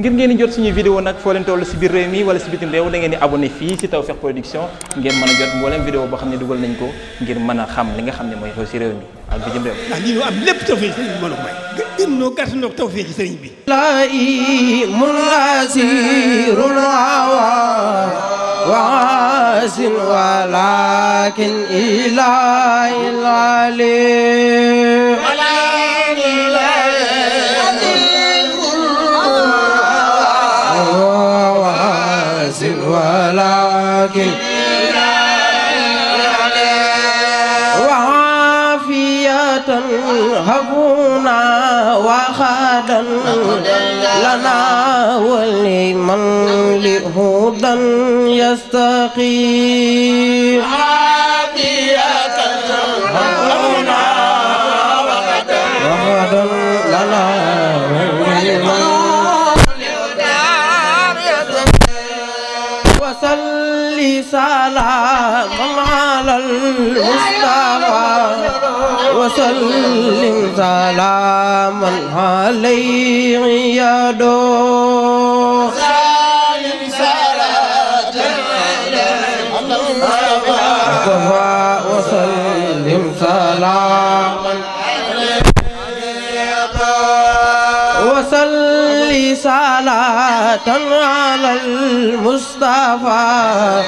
ngir ngeen di jot suñuy vidéo nag foo leen toll si biir réew mi wala si bitim réew da ngeen di abonné fii si Tawfekh Production ngeen mën a jot mboolem vidéo boo xam ne dugal nañ ko ngir mën a xam li nga xam ne mooy xew si réew mi ak bitim réew. ndax lii ñu am lépp Tawfekh sëriñ a sëriñ bi. mun laa si rulaawa waasin walaakin ilaa ilaa ناس ولكن وعافية هبونا وخدا لنا ولمن لهدى يستقيم وسل سلاما على المصطفى وسلم سلاما عليه يا دو سلم سلاما وسلم سلاما لي صلاة على المصطفى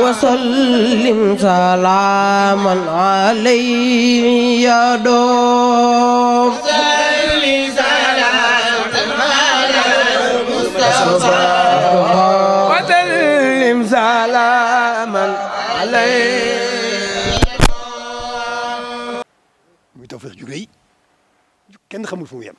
وسلم سلاما عليه يا دوم سلم سلاة على المصطفى وسلم سلاما عليه muy tawfeex ju rëy kenn xamul fu mu yem